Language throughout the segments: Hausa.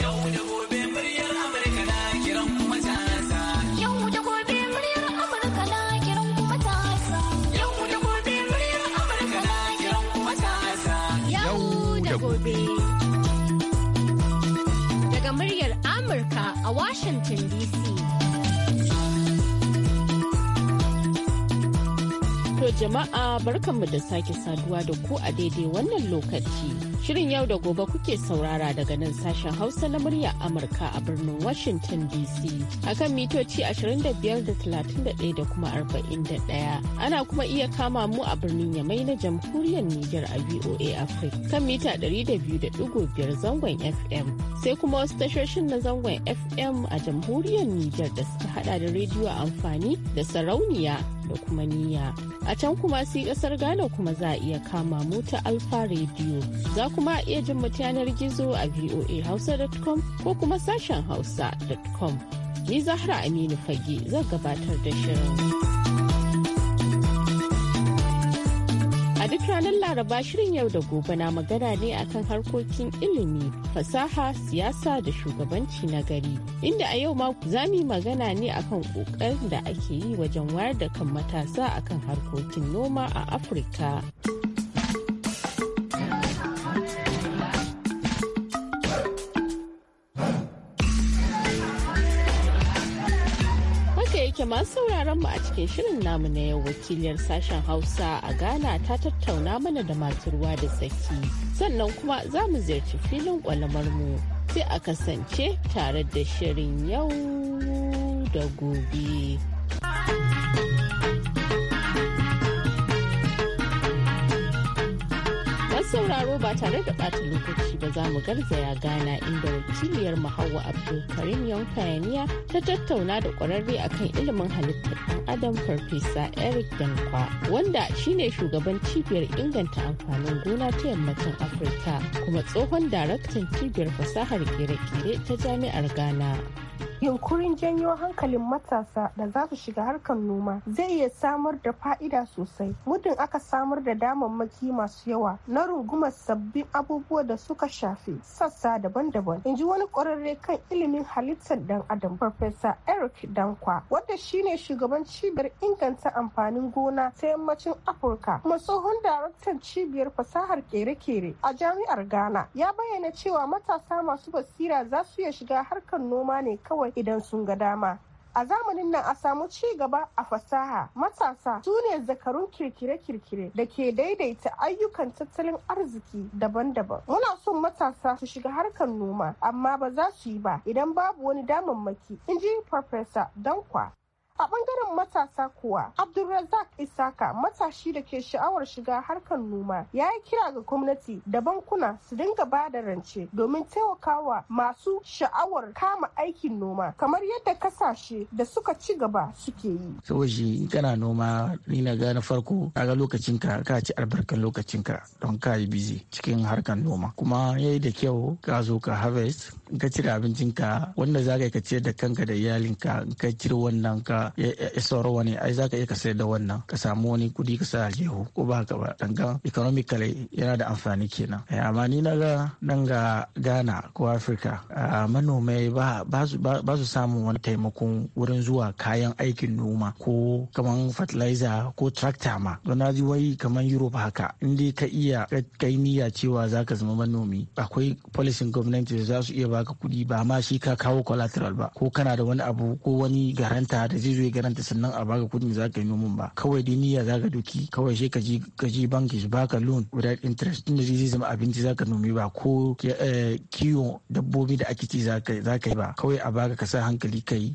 Yau da gobe. jama'a barkanmu da sake saduwa da ku a daidai wannan lokaci. Shirin yau da gobe kuke saurara daga nan sashen Hausa na murya Amurka a birnin Washington DC akan mitoci 25.31 da kuma 41. Ana kuma iya kama mu a birnin Yamai na jamhuriyar Nijar a VOA Africa kan mita 200.5 zangon FM. Sai kuma wasu tashoshin na zangon FM a jamhuriyar niger da suka hada da rediyo amfani da sarauniya da kuma niyya. A can kuma sai kasar Ghana kuma za a iya kama mu ta Alfa Radio. Za kuma iya jin mu yanar gizo a voahausa.com ko kuma sashen hausa.com. Ni Zahra Aminu Fage zan gabatar da shirin. Laraba shirin yau da gobe na magana ne akan harkokin ilimi, fasaha, siyasa da shugabanci na gari. Inda a yau ma za mu magana ne akan kokarin da ake yi wajen wayar da kan matasa akan harkokin noma a Afirka. sake masu sauraron mu a cikin shirin namu na yau wakiliyar sashen Hausa a Ghana ta tattauna mana da masu ruwa da tsaki. Sannan kuma za mu ziyarci filin kwalamar mu sai a kasance tare da shirin yau da gobe. sauraro ba tare da ɓata lokaci ba za mu garzaya gana inda wakiliyar Hauwa Abdulkarim kayaniya ta tattauna da ƙwararre akan ilimin halittar ɗan Adam Farfesa Eric Dankwa wanda shine shugaban cibiyar inganta amfanin gona ta yammacin Afirka kuma tsohon daraktan cibiyar fasahar kere-kere ta jami'ar Ghana. Yunkurin janyo hankalin matasa da za su shiga harkar noma zai iya samar da fa'ida sosai. Muddin aka samar da damammaki masu yawa na rungumar sabbin abubuwa da suka shafi sassa daban-daban. In ji wani ƙwararre kan ilimin halittar ɗan adam, Farfesa Eric Dankwa, wanda shine shugaban cibiyar inganta amfanin gona ta yammacin Afirka, kuma tsohon daraktan cibiyar fasahar kere-kere a jami'ar Ghana. Ya bayyana cewa matasa masu basira za su iya shiga harkar noma ne kawai idan sun ga dama a zamanin nan a samu ci gaba a fasaha matasa su ne zakarun kirkire-kirkire da ke daidaita ayyukan tattalin arziki daban-daban muna son matasa su shiga harkar noma amma ba za su yi ba idan babu wani damammaki in ji farfesa dankwa A bangaren matasa kuwa, Abdulrazak Isaka matashi da ke sha'awar shiga harkar noma ya yi kira ga gwamnati da bankuna su dinga ba da rance domin taimakawa masu sha'awar kama aikin noma kamar yadda kasashe da suka ci gaba suke yi. Saboda kana noma ni na gane farko kaga lokacin ka ka ci albarkan ka don ka yi bizi cikin harkar noma kuma yayi da kyau ka zo ka harvest ka cire abincinka wanda za ka ciyar da kanka da iyalinka ka cire wannan ka ya isar wani ai zaka iya ka sayar da wannan ka samu wani kudi ka sa jehu ko ba ka ba danga economically yana da amfani kenan eh, amma ni na ga nan ga Ghana ko Africa manomai ba su samun wani taimakon wurin zuwa kayan aikin noma ko kaman fertilizer ko tractor ma don na ji wai kaman Europe haka in dai ka iya kai niyya cewa za ka zama manomi akwai policy government da za su iya baka kudi ba ma shi ka kawo collateral ba ko kana da wani abu ko wani garanta da zai zai ya garanta sannan a baka kudin za ka yi noman ba kawai dai niyya za ka doki kawai sai ka je banki su baka loan without interest da zai zama abinci za ka nomi ba ko eh, kiwon dabbobi da ake ci za ka yi ba kawai a baka ka sa hankali ka yi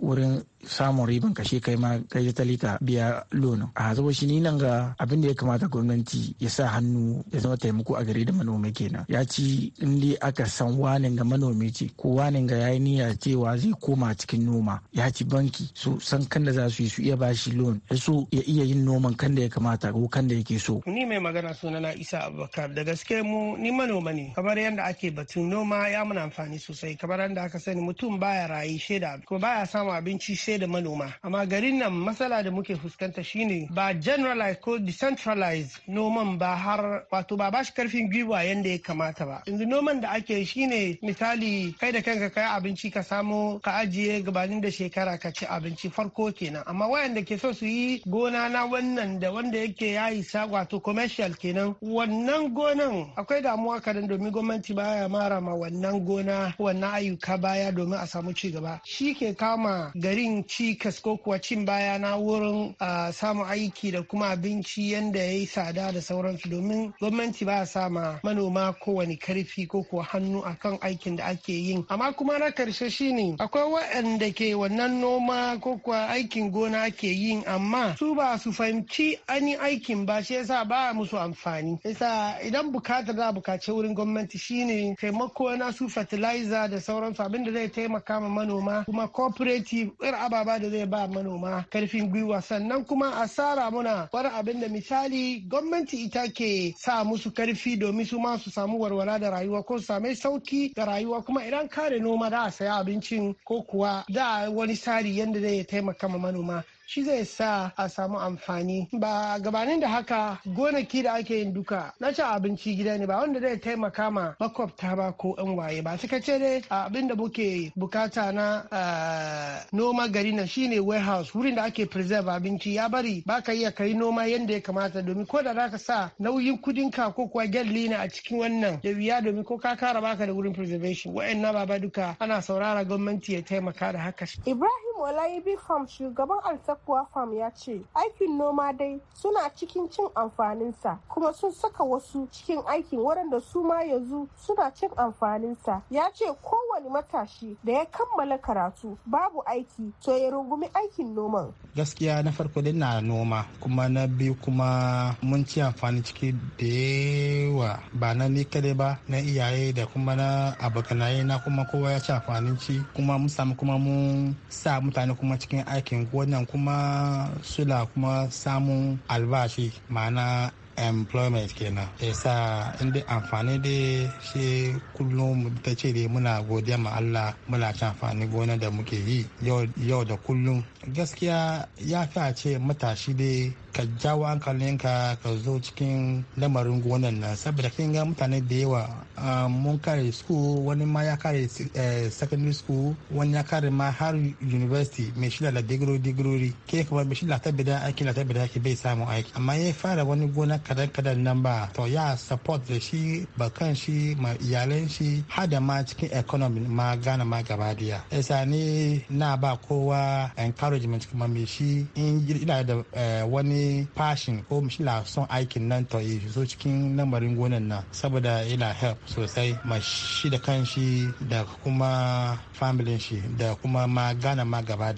wurin samun riban kashe kai ma kai ta talika biya lon. a zuwa shi ni nan ga abin da ya kamata gwamnati ya sa hannu ya zama taimako a gare da manomi kenan ya ci in dai aka san wanin ga manomi ce ko wanin ga yayi niyya cewa zai koma cikin noma ya ci banki su san kan da za su yi su iya bashi loan su ya iya yin noman kan da ya kamata ko kan da yake so ni mai magana suna na Isa Abubakar da gaske mu ni manoma ne kamar yadda ake batun noma ya muna amfani sosai kamar yadda aka sani mutum baya rayu shaida kuma baya samun samun abinci sai da manoma amma garin nan matsala da muke fuskanta shine ba generalized ko decentralized noman ba har wato ba bashi karfin gwiwa yanda ya kamata ba yanzu noman da ake shine misali kai da kanka kai abinci ka samo ka ajiye gabanin da shekara ka ci abinci farko kenan amma wayanda ke so su yi gona na wannan da wanda yake ya isa wato commercial kenan wannan gonan akwai damuwa kadan domin gwamnati baya mara ma wannan gona wannan ayyuka baya domin a samu ci gaba shi ke kama garin cikas ko kuwa cin baya na wurin samun aiki da kuma abinci yadda ya yi tsada da sauransu domin gwamnati ba sa ma manoma kowane karfi ko kuwa hannu akan aikin da ake yin amma kuma na karshe shine akwai waɗanda ke wannan noma ko kuwa aikin gona ke yin amma su ba su fahimci ani aikin ba shi yasa ba musu amfani yasa idan bukatar za bukaci wurin gwamnati shine taimako na su fertilizer da sauransu abin da zai taimaka ma manoma kuma corporate gwamnati ir ababa da zai ba manoma karfin gwiwa sannan kuma a tsara muna wani abin da misali gwamnati ita ke sa musu karfi domin su ma su samu warwara da rayuwa ko su same sauki da rayuwa kuma idan kare noma da a saya abincin ko kuwa da wani tsari yadda zai taimaka ma manoma shi zai sa a samu amfani ba gabanin da haka gonaki da ake yin duka na cin abinci gida ne ba wanda zai taimaka ma makwabta ba ko yan waye ba suka ce dai abin da muke bukata na noma gari na shine warehouse wurin da ake preserve abinci ya bari Ba ka iya kai noma yadda ya kamata domin ko da zaka sa nauyin kudin ka ko kuwa gyalli na a cikin wannan da wuya domin ko ka kara baka da wurin preservation wa'annan baba duka ana saurara gwamnati ya taimaka da haka ibrahim Olayibi Farm shugaban Alsakuwa Farm ya ce aikin noma dai suna cikin cin amfaninsa kuma sun saka wasu cikin aikin waɗanda su ma yanzu suna cin amfaninsa. Ya ce kowane matashi da ya kammala karatu babu aiki to ya rungumi aikin noman. Gaskiya na farko dai na noma kuma na biyu kuma mun ci amfani ciki da yawa ba na ni kadai ba na iyaye da kuma na abokanaye na kuma kowa ya ci amfanin ci kuma mun samu kuma mun samu mutane kuma cikin aikin gonan kuma suna kuma samun albashi ma'ana employment kenan yasa inda amfani da shi kullum ta ce dai muna godiya ma Allah muna ci amfani gona da muke yi yau da kullum gaskiya ya fi a ce matashi dai ka jawo hankalinka ka zo cikin lamarin gonan nan saboda kin ga mutane da yawa mun kare school wani ma ya kare eh, secondary school wani ya kare ma har university mai shida da digirori digirori ke ka mai shida ta bida aiki na ta bida aiki bai samu aiki amma ya fara wani gona kadan kadan nan ba to ya support da shi bakan shi ma iyalan shi har ma cikin economy ma gana ma gaba daya ne na ba kowa jimin cikin me shi in ina da eh, wani fashin ko na son aikin nan to yi so cikin lamarin gonan nan saboda yana help sosai ma shi da kanshi da kuma family shi da kuma ma gana ma gaba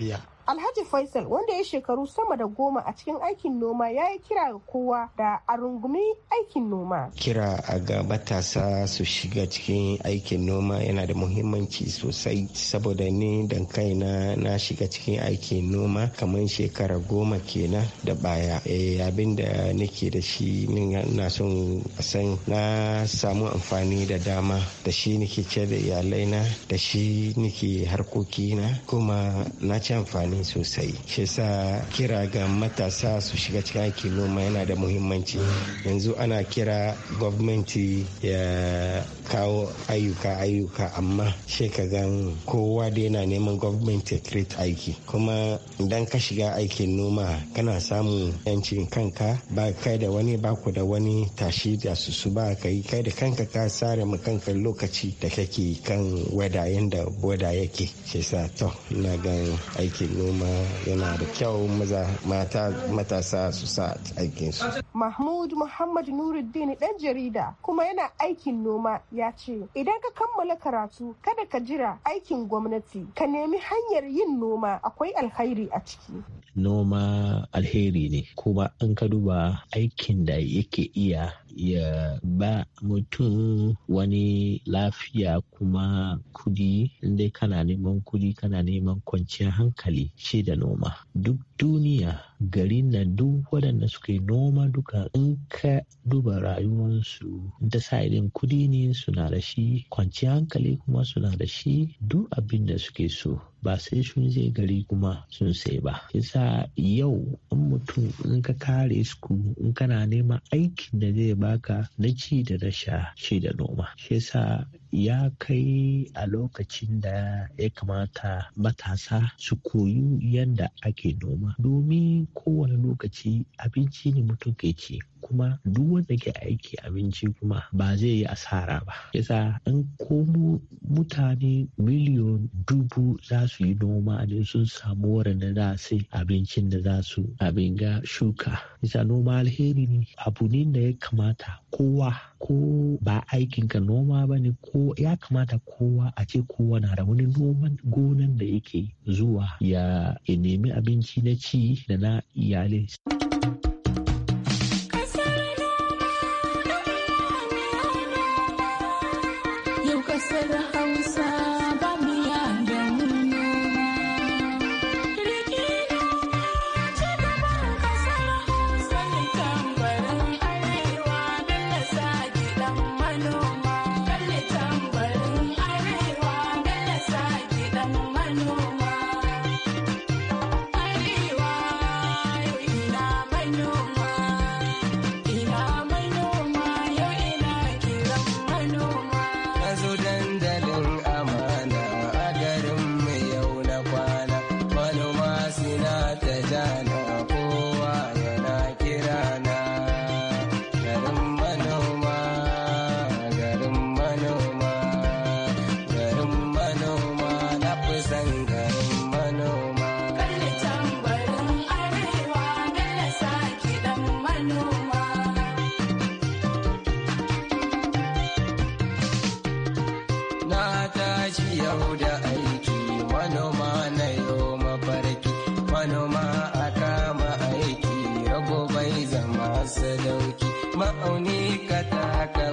Alhaji Faisal wanda ya shekaru sama da goma a cikin aikin noma ya yi kira ga kowa da a rungumi aikin noma. Kira a ga matasa su shiga cikin aikin noma yana da muhimmanci sosai saboda ni dan kaina na shiga cikin aikin noma kamar shekara goma kenan da baya. E, abin da nake da shi na son san na samu amfani da dama da shi nake ke da iyalaina da shi nake harkokina kuma na ci amfani amfani sosai shi sa kira ga matasa su shiga cikin aikin noma yana da muhimmanci yanzu ana kira gwamnati ya kawo ayyuka ayyuka amma sai ka gan kowa da yana neman gwamnati ya create aiki kuma idan ka shiga aikin noma kana samun yancin kanka ba kai da wani ba ku da wani tashi da su ba ka yi kai da kanka ka sare mu kanka lokaci da kake kan wada yanda wada yake shi sa to na gan aikin noma yana da kyau maza mata matasa su sa aikin su mahmud muhammad nuruddin dan jarida kuma yana aikin noma ya ce idan ka kammala karatu kada ka jira aikin gwamnati ka nemi hanyar yin noma akwai alkhairi a ciki. Noma alheri ne kuma an ka duba aikin da yake iya ya ba mutum wani lafiya kuma kudi inda kana neman kudi kana neman kwanciyar hankali shi da noma duk duniya garin nan duk waɗanda suke noma duka in ka duba rayuwarsu da sa'idin kudi ne suna da shi kwanci hankali kuma suna da shi duk abin da suke so ba sai sun je gari kuma sun sai ba yasa yau in mutum in ka kare su in kana nema aikin da zai baka na ci da na sha shi da noma shi ya kai a lokacin da ya kamata matasa su koyi yadda ake noma domin kowane lokaci abinci ne mutum ke ci kuma duk wanda ke aiki abinci kuma ba zai yi asara ba yasa an komo mutane miliyon dubu za su yi noma ne sun samu waɗanda za su abincin da za su abin ga shuka yasa noma alheri ne abu ne da ya kamata kowa ko ba aikin ka noma ba ne ko ya kamata kowa a ce kowa na da wani noman gonan da yake zuwa ya nemi abinci na ci da na iyalai.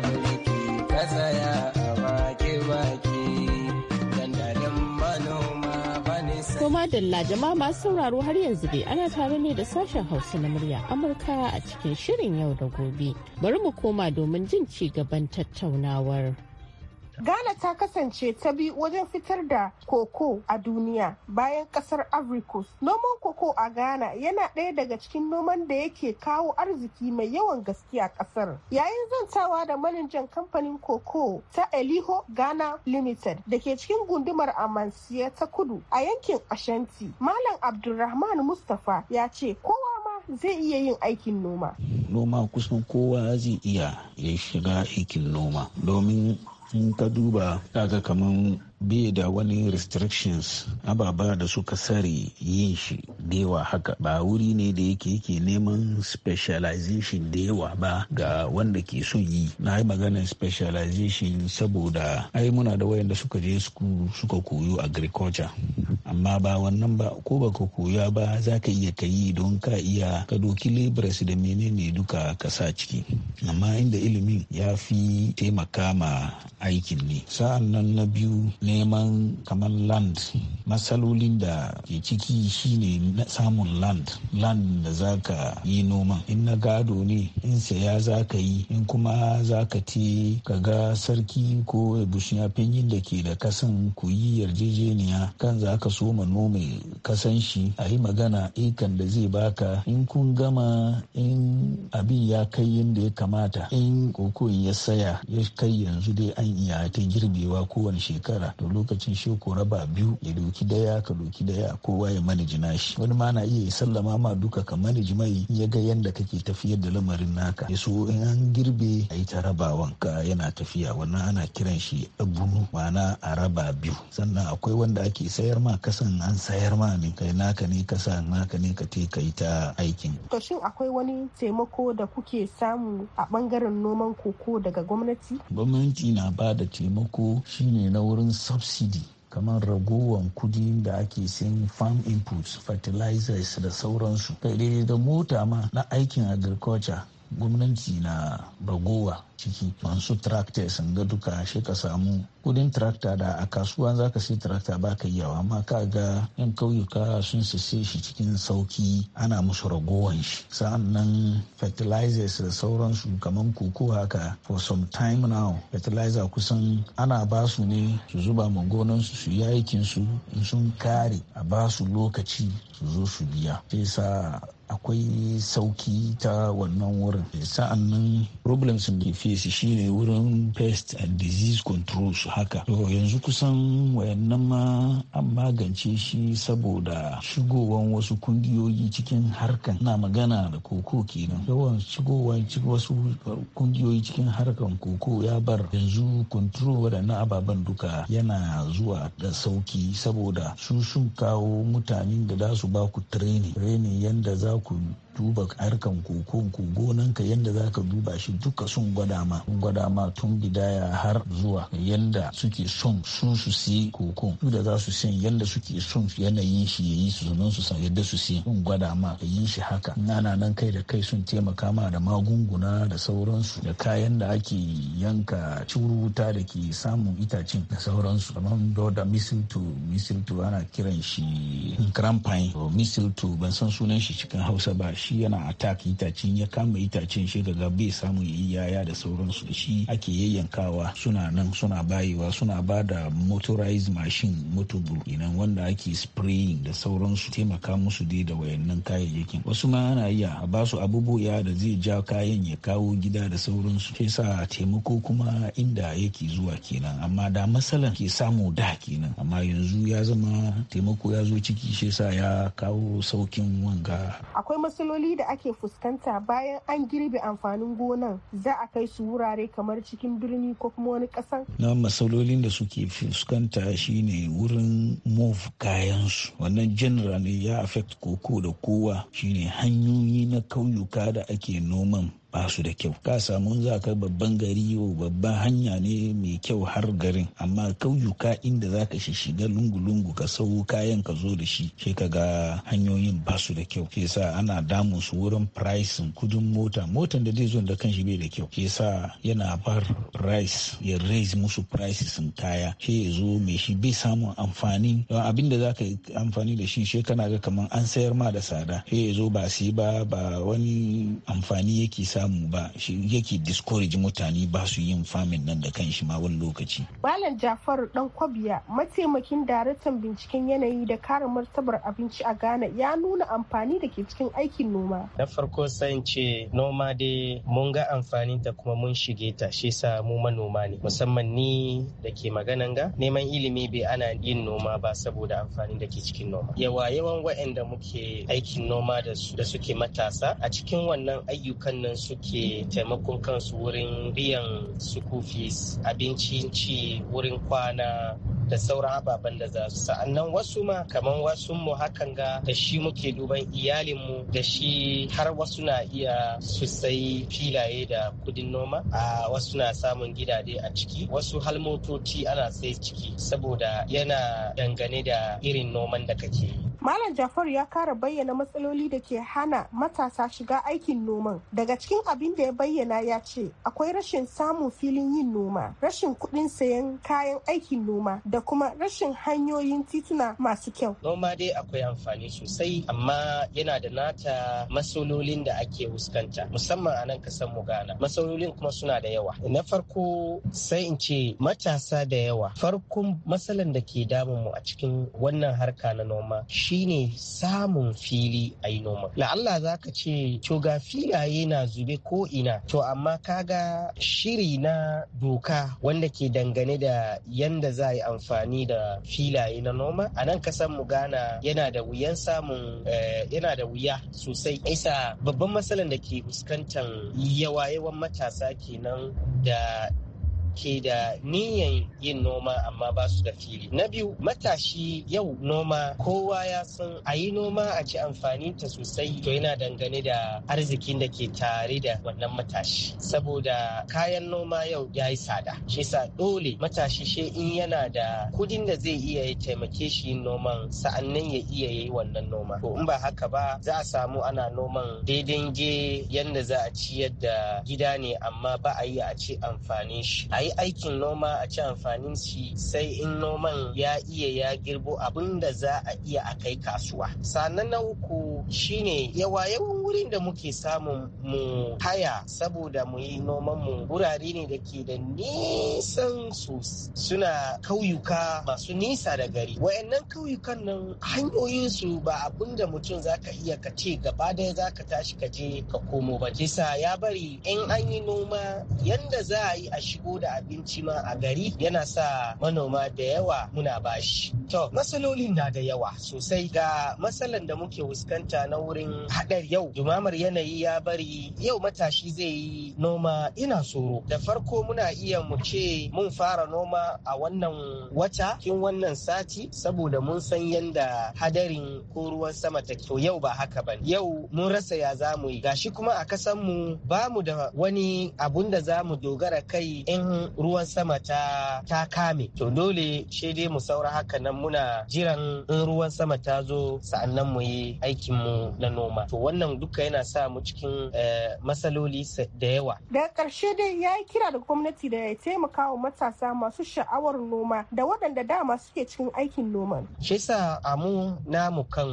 mulki a dalla jama'a masu sauraro har yanzu dai ana tare ne da sashen hausa na murya Amurka a cikin shirin yau da gobe. Bari mu koma domin jin ci gaban tattaunawar. Ghana ta kasance ta bi wajen fitar da koko a duniya bayan kasar Ivory Noman koko a Ghana yana ɗaya daga cikin noman da yake kawo arziki mai yawan gaske a kasar. Yayin zantawa da manajan kamfanin koko ta Eliho Ghana Limited da ke cikin gundumar Amansiya ta kudu a yankin Ashanti. Malam Abdulrahman Mustapha ya ce kowa ma zai iya yin aikin noma. Noma kusan kowa zai iya ya shiga aikin noma domin in ka duba kaga kaman bi da wani restrictions ababa da suka sare yin shi da yawa haka ba wuri ne da yake yake neman specialization da yawa ba ga wanda ke son yi na yi maganar specialization saboda ai muna da wayanda suka je suka koyo agriculture amma ba wannan ba ko ba ka koya ba za ka iya ka yi don ka iya ka doki da menene duka ka sa ciki amma inda ilimin ya fi taimaka ma aikin ne sa'an nan na biyu neman kamar land matsalolin da ke ciki shine na samun land land da za ka yi noman in na gado ne in saya za ka yi in kuma za ka te ka ga sarki ko bushiya fenyin da ke da kasan ku yi yarjejeniya kan za ka so ma nome kasan shi a yi magana ikan da zai baka in kun gama in abin ya kai yadda ya kamata in koko ya saya ya kai yanzu dai an iya ta girbewa kowane shekara to lokacin shi ko raba biyu ya doki daya ka doki daya kowa ya manage nashi wani ma na iya sallama ma duka ka manage mai ya ga yanda kake tafiyar da lamarin naka ya so in an girbe a yi ta raba wanka yana tafiya wannan ana kiran shi abunu ma'ana a raba biyu sannan akwai wanda ake sayar ma kasan an sayar ma ne kai naka ne kasa naka ne ka te ka yi ta aikin. to shin akwai wani taimako da kuke samu a bangaren noman koko daga gwamnati? gwamnati na ba da taimako shine na wurin subsidy kamar ragowan kudi da ake sayan farm inputs fertilizers da sauransu daidai da mota ma na aikin agriculture gwamnati na ragowa ciki masu tractors ga duka shi ka samu kudin tarakta da a kasuwa za ka sai tarakta ba ka yawa amma ka ga yan kauyuka sun sise shi cikin sauki ana musu ragowan shi sa'annan fertilizers da sauransu kamar koko haka for some time now fertilizer kusan ana ba su ne su zuba ma gonansu su yi aikin su in sun kare a ba su lokaci su zo su biya sa akwai sauki ta wannan wurin sa'annan problems da ke fesi shine wurin pest and disease control su haka to yanzu kusan wayannan ma an magance shi saboda shigowan wasu kungiyoyi cikin harkan na magana da koko kenan yawan shigowan wasu kungiyoyi cikin harkan koko ya bar yanzu da waɗannan ababen duka yana zuwa da sauki saboda su sun kawo mutanen da za su ba ku training training yanda za ku duba harkan kokon ko gonanka yadda za ka duba shi duka sun gwada ma gwada ma tun bidaya har zuwa yadda suke son sun su si kokon su da za su san yadda suke son yanayin shi ya yi su sannan su san yadda su si sun gwada ma ka yi shi haka nana nan kai da kai sun taimaka ma da magunguna da sauransu da kayan da ake yanka curuta da ke samun itacen da sauransu kamar doda misilto misilto ana kiran shi crampine to misilto ban san sunan shi cikin hausa ba shi shi yana attack itacen ya kama itacen shi daga bai samu yi yaya da sauransu da shi ake yayyankawa suna nan suna bayewa suna ba da motorized machine motobur inan wanda ake spraying da sauransu taimaka musu dai da wayannan kayayyakin wasu ma ana iya a basu su abubuwa da zai ja kayan ya kawo gida da sauransu sai sa taimako kuma inda yake zuwa kenan amma da matsalan ke samu da kenan amma yanzu ya zama taimako ya zo ciki shi sa ya kawo saukin wanga akwai matsaloli matsaloli da ake fuskanta bayan an girbe amfanin gonan za a kai su wurare kamar cikin birni ko kuma wani kasan? na matsalolin da suke fuskanta shine wurin move kayansu wannan general ya affect koko da kowa shine hanyoyi na kauyuka da ake noman ba su da kyau ka samu za ka babban gari yau babban hanya ne mai kyau har garin amma kauyuka inda za ka shiga lungu-lungu ka sau kayan ka zo da shi ke ka ga hanyoyin ba su da kyau ke sa ana damun su wurin pricing kudin mota motan da zai zo da kan shi bai da kyau ke sa yana bar price ya raise musu prices kaya ke ya zo mai shi bai samun amfani don abin da za ka yi amfani da shi shi kana ga kamar an sayar ma da tsada ke ya zo ba sai ba ba wani amfani yake samu samu ba shi yake discourage mutane ba su yin famin nan da kan shi ma wani lokaci. Malam Jafaru Dan Kwabiya mataimakin daraktan binciken yanayi da kare martabar abinci a Ghana ya nuna amfani da ke cikin aikin noma. Na farko sayin ce noma dai mun ga amfani ta kuma mun shige ta shi sa mu manoma ne musamman ni da ke maganan ga neman ilimi bai ana yin noma ba saboda amfani da ke cikin noma. Yawa yawan wa'anda muke aikin noma da suke matasa a cikin wannan ayyukan nan suke taimakon kansu wurin biyan sukufis fees abincin ci wurin kwana da sauran ababen da za su sa'annan wasu ma kamar wasu mu hakan ga da shi muke duban iyalinmu da shi har wasu na iya su sayi filaye da kudin noma a wasu na samun gidaje a ciki wasu hal motoci ana sai ciki saboda yana dangane da irin noman da kake Malam Jafaru ya kara bayyana matsaloli da ke hana matasa shiga aikin noman daga cikin cikin abin da ya bayyana ya ce akwai rashin samun filin yin noma rashin kuɗin sayan kayan aikin noma da kuma rashin hanyoyin tituna masu kyau noma dai akwai amfani sosai amma yana da nata masololin da ake fuskanta musamman a nan kasan mu gana, masololin kuma suna da yawa na farko sai in ce matasa da yawa farkon matsalan da ke damun mu a cikin wannan harka na noma shine samun fili a yi noma la'alla za ka ce coga filaye na zubi ɗalibai ko ina to amma kaga shiri na doka wanda ke dangane da yanda za a yi amfani da filaye na noma a nan kasan mu gana yana da wuyan samun eh, yana da wuya sosai isa babban matsalar da ke fuskantar yawa yawan matasa kenan da ke da niyan yin noma amma ba su da fili na biyu matashi yau noma kowa ya san a yi noma a ci amfani ta sosai to yana dangane da arzikin da ke tare da wannan matashi saboda kayan noma yau ya yi tsada shi sa dole matashi shi in yana da kudin da zai iya ya taimake shi yin noman sa'annan ya iya yi wannan noma to in ba haka ba za a samu ana noman daidai yanda yadda za a ciyar da gida ne amma ba a yi a ci amfani shi yi aikin noma a ci amfanin shi sai in noman ya iya ya girbo abin da za a iya a kai kasuwa sannan na uku shine yawa yawan wurin da muke samun mu haya saboda mu yi noman mu wurare ne da ke da nisan su suna kauyuka masu nisa da gari wayannan kauyukan nan hanyoyin su ba abin da mutum za ka iya ka ce gaba daya ka tashi ka je ka komo ba kisa ya bari in an yi noma yanda za a yi a shigo da abinci ma a gari yana sa manoma da yawa muna bashi. To matsalolin na da yawa sosai ga matsalan da muke fuskanta na wurin haɗar yau dumamar yanayi ya bari yau matashi zai yi noma ina tsoro. Da farko muna iya mu ce mun fara noma a wannan wata kin wannan sati saboda mun san yanda hadarin ko ruwan sama ta to yau ba haka ba yau mun rasa ya za mu yi gashi kuma a kasan mu ba mu da wani abun da za mu dogara kai in ruwan sama ta ta kame to dole shi dai mu saura haka nan muna jiran in ruwan sama ta zo sa'annan mu yi aikin mu na noma to wannan duka yana sa mu cikin eh, matsaloli da yawa da karshe dai ya yi kira da gwamnati da ya taimaka wa matasa masu sha'awar noma da waɗanda dama suke cikin aikin noma. shi sa amu namu kan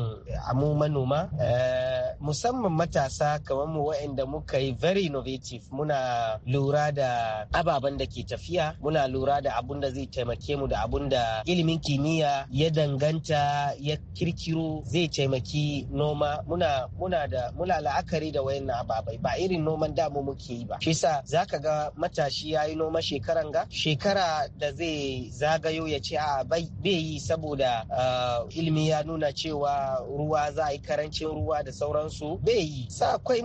amu manoma eh, musamman matasa kamar mu waɗanda muka yi very innovative muna lura da ababen da ke tafiya muna lura da abun da zai taimake mu da abun da ilimin kimiyya ya danganta ya kirkiro zai taimaki noma muna muna da muna la'akari da wayannan ababai ba irin noman da mu muke yi ba shisa zaka ga matashi yayi noma shekaran ga shekara da zai zagayo ya ce a bai yi saboda ah, ilimi ya nuna cewa ruwa za a yi karancin ruwa da sauransu bai yi sa akwai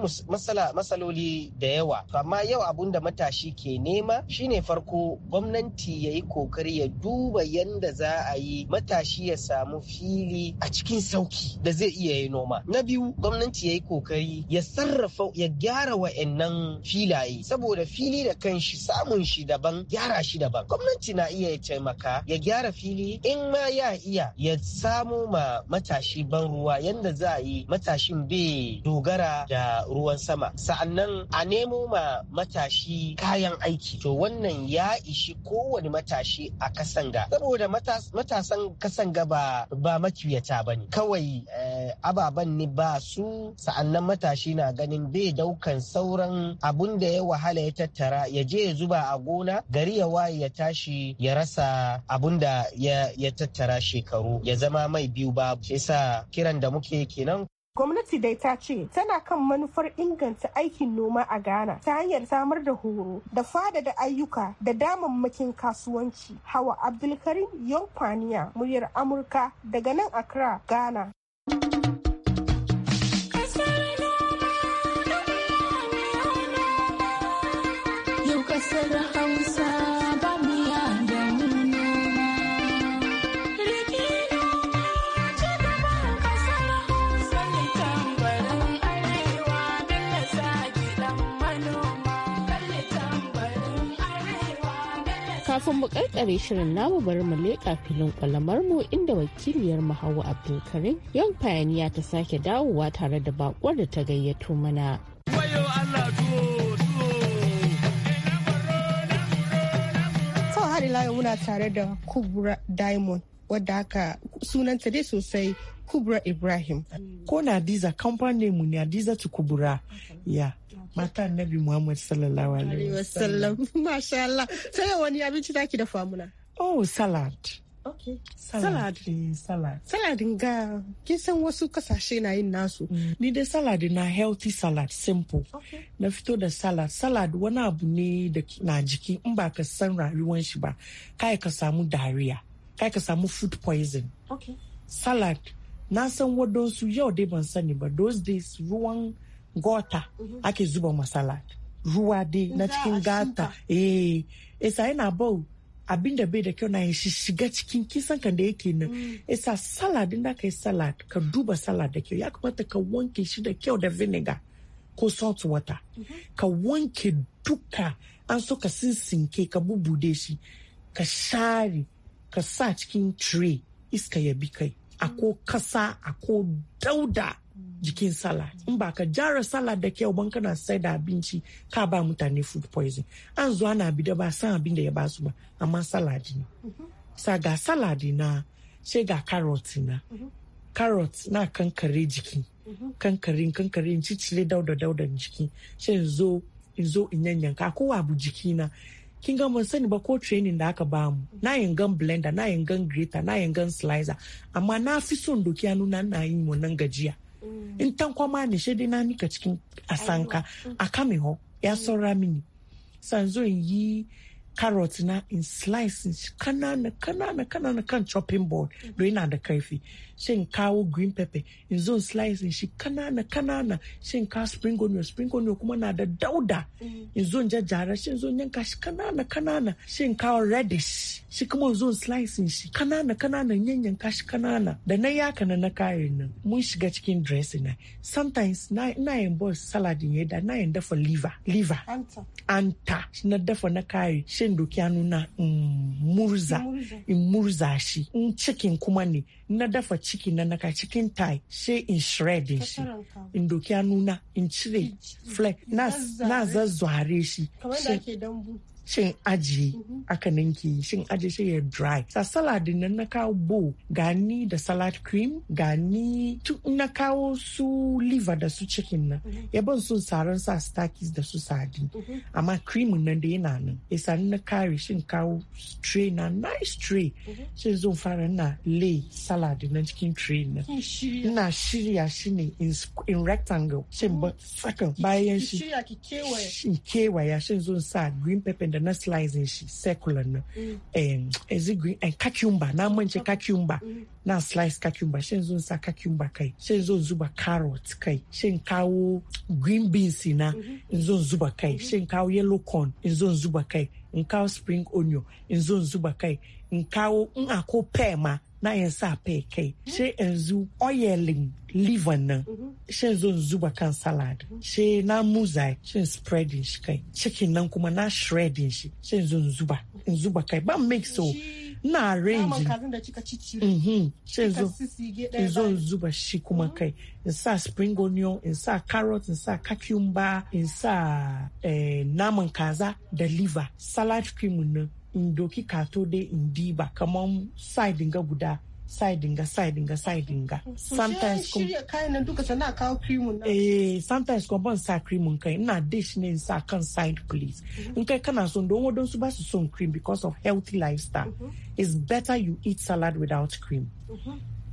masaloli da yawa amma yau abun da matashi ke nema shine farko gwamnati ya yi kokari ya duba yadda za a yi matashi ya samu fili a cikin sauki da zai iya yi noma na biyu gwamnati ya yi kokari ya sarrafa ya gyara wa'annan filaye saboda fili da kanshi samun shi daban gyara shi daban gwamnati na iya ya taimaka ya gyara fili in ma ya iya ya samo ma matashi ban ruwa yadda za a yi matashin bai dogara da ruwan sama sa'annan a nemo ma matashi kayan aiki to wannan wannan ya ishi kowane matashi a kasanga saboda matasan kasanga ba ba makiyata ba ne kawai eh, ababan ne ba su sa'annan matashi na ganin bai daukan sauran abun da ya wahala ya tattara ya je ya zuba a gona gari ya waye ya tashi ya rasa abun da ya tattara shekaru ya zama mai biyu babu shi sa kiran da muke kenan Gwamnati dai ta ce tana kan manufar inganta aikin noma a Ghana ta hanyar samar da horo da fadada ayyuka da damammakin kasuwanci. Hawa Abdulkarim Yonkwaniya muryar Amurka daga nan Accra, Ghana. Kafin mu karkare shirin namu bari mu leƙa filin kwalamar mu inda wakiliyar mu Hauwa Abdulkarim yan fayaniya ta sake dawowa tare da bakwar da ta gayyato mana. Wayo Allah muna tare da kubra diamond wadda aka sunanta dai sosai kubra ibrahim ko na diza kamfanin mu ne diza ta kubra ya mata annabi muhammad sallallahu alaihi wasallam masha Allah sai wani abinci taki da famuna oh salad Okay. Salad. Salad. Salad ga kin san wasu kasashe na yin nasu. Mm. Ni dai salad na healthy salad simple. Okay. Na fito da salad. Salad wani abu ne da na jiki in ba ka san rayuwan shi ba. Kai ka samu diarrhea. Kai ka samu food poison. Okay. Salad na san wadansu yau dai ban sani ba those days ruwan gota mhm. ake zuba masala ruwa dai na cikin gata eh isa yana bau abin da bai da kyau na shi shiga cikin kisan kan da yake nan isa mm. salad din da ka yi salad ka duba salad da kyau ya kamata ka wanke shi da kyau da vinegar ko salt water mhm. ka wanke duka an so ka sinsinke ka bubude shi ka share ka sa cikin tray iska ya bi kai ako kasa ako dauda jikin salad in ba ka jara salad da kyau ban kana sai da abinci ka ba mutane food poison an zuwa na bi da ba san abin da ya ba su ba amma salad ne sa ga salad na sai ga carrot na carrot na kankare jiki kankare kankare in dauda dauda jiki sai in zo in zo in yanyanka ko abu jiki na kin ga mun sani ba ko training da aka ba mu na gan blender na gan grater na gan slicer amma na fi son doki hannu na na yin nan gajiya Mm. ntankwa ne na dai de nika cikin asanka aka mm. mi hɔ yasɔra mm. mi ni sanzo yi carrot na in slices kanana kanana kanana kan chopping board do ina da kaifi shin kawo green pepper in zo slicing shi kanana kanana shin ka spring onion spring onion kuma na da dauda mm-hmm. in zo jajjara shin zo yanka shi kanana kanana shin kawo radish shi kuma zo slicing shi kanana kanana yanyanka shi kanana da na yaka na na kayan nan mun shiga cikin dressing na sometimes na na yin boss salad ya da na yin dafa liver liver anta anta na dafa na kare shin doki hannu na mm, murza in murza shi in chicken kuma ne na dafa ciki na naka cikin tai sai in shredding shi in doki nuna in cire flake na zazzware shi shin aji mhm. aka ninki shin aji shi ya dry sa salad nan na kawo bo gani da salad cream gani na kawo su liver da su chicken na. Mhm. ya ban sun saran sa stakis da su sadi mhm. amma cream nan da yana nan ya sani na kare shin kawo tray na nice tray shin zo fara na lay salad nan cikin tray na. ina shirya shi ne in rectangle shin oh. sakan bayan shi ki kewaya shin zan sa green pepper da na mm. slicing shi circular nan ezigui and cucumber na mance cucumber mm. na slice cucumber shin zo sa cucumber kai shin zo zuba carrot kai shin kawo green beans na mm-hmm. zo zuba kai mm-hmm. shin kawo yellow corn zo zuba kai in kawo spring onion in zo zuba kai in kawo in ako pear ma na in sa fai kai she yanzu oiling liver nan she zo zuba kan salad she na muza she spreading shi kai chicken nan kuma na shred shi she zo zuba in zuba kai ba mix so na arrange mhm she zo in zo zuba kuma mhm. kai in sa spring onion in sa carrot in sa cucumber in sa eh, naman kaza da liver salad cream nan in ka to dai in diba kamar side ga guda side ga side ga side ga mm-hmm. sometimes kun shirya kayan nan duka sana kawo cream eh sometimes kun ban sa cream kai ina dish ne sa kan side please mm-hmm. in kai kana son don wadon su ba su son cream because of healthy lifestyle mm it's better you eat salad without cream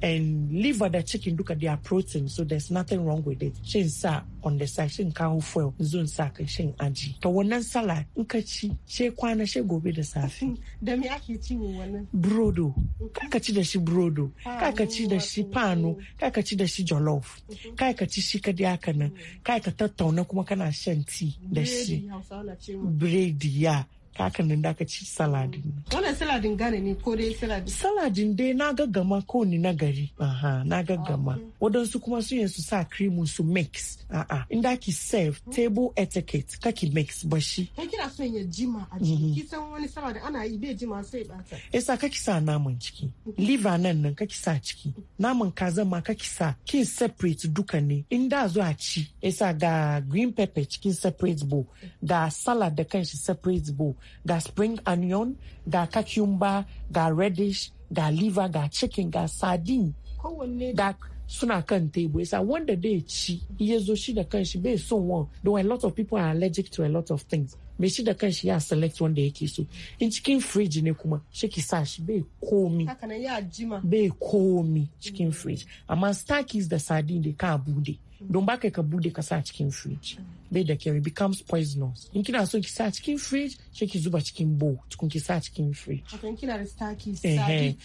and liver da chicken duka they are protein so there's nothing wrong with it she sa on the side shin kawo foil zon sa ka shin aji to wannan salad in ka ci she kwana she gobe da safe da me ake cin wannan brodo ka ci da shi brodo ah, ka ci da shi pano ka ci da shi jollof mm-hmm. ka ci shi ka haka nan mm-hmm. ka tattauna kuma kana shan tea da shi biredi ya kakannin da aka ci saladin. Wannan saladin gane ne ko dai saladin? Saladin dai na gaggama ko ni na gari. Aha, na gaggama. Ah, Wadansu kuma su yin su sa cream su mix. A'a, inda ki serve table etiquette kaki mix ba shi. Ka kira son ya jima a ciki. Mhm. Kisan wani saladin ana yi bai jima sai bata. Yasa kaki sa naman ciki. Liver nan nan kaki sa ciki. Naman ka ma kaki sa. Kin separate duka ne. Inda zo a ci. Yasa ga green pepper cikin separate bowl. Ga salad da kanshi separate bowl. ga spring onion ga cucumber ga reddish ga liver ga chicken ga sardine ga suna kan table yasa wanda dai ci iya zo shi da kanshi bai son wan don a lot of people are allergic to a lot of things mai shi da kanshi ya select wanda yake so in cikin fridge ne kuma shi ki sa shi bai komi bai komi cikin fridge amma is da sardine da ka bude don ba ka bude ka sa cikin fridge bai da kyau becomes poisonous in kina so ki sa cikin fridge she ki zuba cikin bowl tukun ki sa cikin fridge hakan kina da staki staki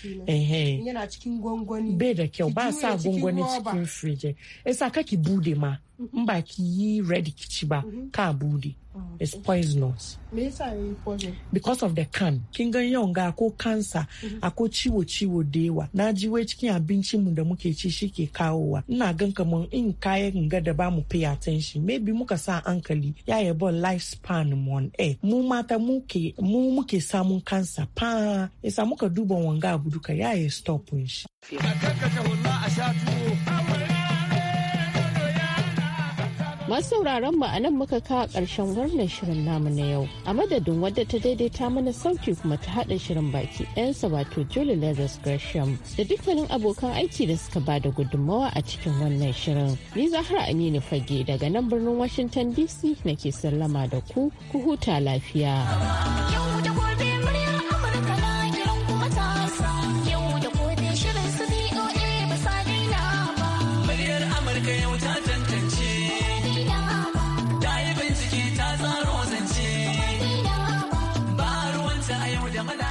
yana cikin gwangwani bai da kyau ba sa gwangwani cikin fridge eh e sa ka ki bude ma in mm-hmm. ba ki yi ready ki ci ba mm-hmm. ka bude oh, is poisonous me yasa yi e poison because of the can kin ga yonga ko cancer mm-hmm. ako ciwo ciwo da na ji wai cikin abinci mu da muke ci shi ke kawowa ina gan kaman in kayan ga da ba mu pay attention maybe muka sa sa hankali ya yi life lifespan mon eh mu mata muke mu muke samun kansa fa isa muka duba wanga abu duka ya yi stop shi. a sha Masu sauraron mu a nan muka kawo ƙarshen wannan shirin namu na yau. A madadin wadda ta daidaita mana sauki kuma ta haɗa shirin baki ɗayansa wato Julie Lazarus Gresham da dukkanin abokan aiki da suka ba da gudunmawa a cikin wannan shirin. Ni Zahra Aminu Fage daga nan birnin Washington DC nake sallama da ku, ku huta lafiya.